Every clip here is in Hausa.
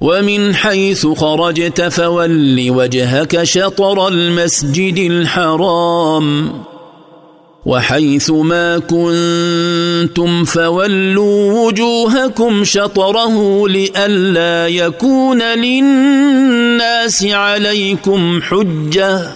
ومن حيث خرجت فول وجهك شطر المسجد الحرام وحيث ما كنتم فولوا وجوهكم شطره لئلا يكون للناس عليكم حجه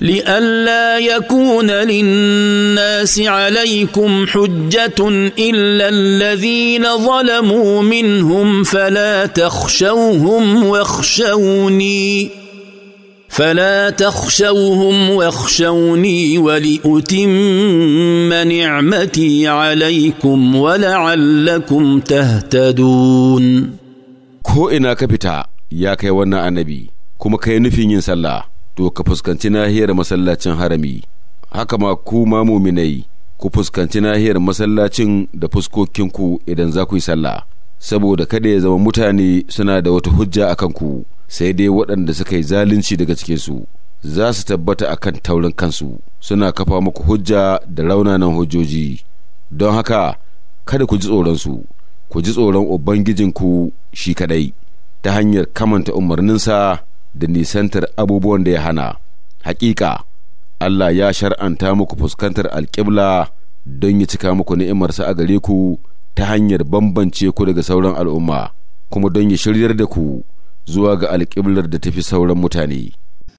لئلا يكون للناس عليكم حجة إلا الذين ظلموا منهم فلا تخشوهم واخشوني فلا تخشوهم واخشوني ولأتم نعمتي عليكم ولعلكم تهتدون كو إنا كبتا يا كي ونا النبي كما كي نفي to ka fuskanci nahiyar masallacin harami haka ma ku ma muminai ku fuskanci nahiyar masallacin da fuskokinku idan za ku yi sallah saboda kada ya zama mutane suna da wata hujja a kanku sai dai waɗanda suka yi zalunci daga cikinsu za su tabbata a kan taurin kansu suna kafa muku hujja da raunanan hujjoji don haka kada ku ji tsoron su ku ji tsoron ubangijinku shi kadai ta hanyar kamanta umarninsa da nisantar abubuwan da ya hana hakika Allah ya shar'anta muku fuskantar alƙibla don ya cika muku ni'imarsa a gare ku ta hanyar bambance ku daga sauran al'umma kuma don ya shiryar da ku zuwa ga alƙiblar da tafi sauran mutane.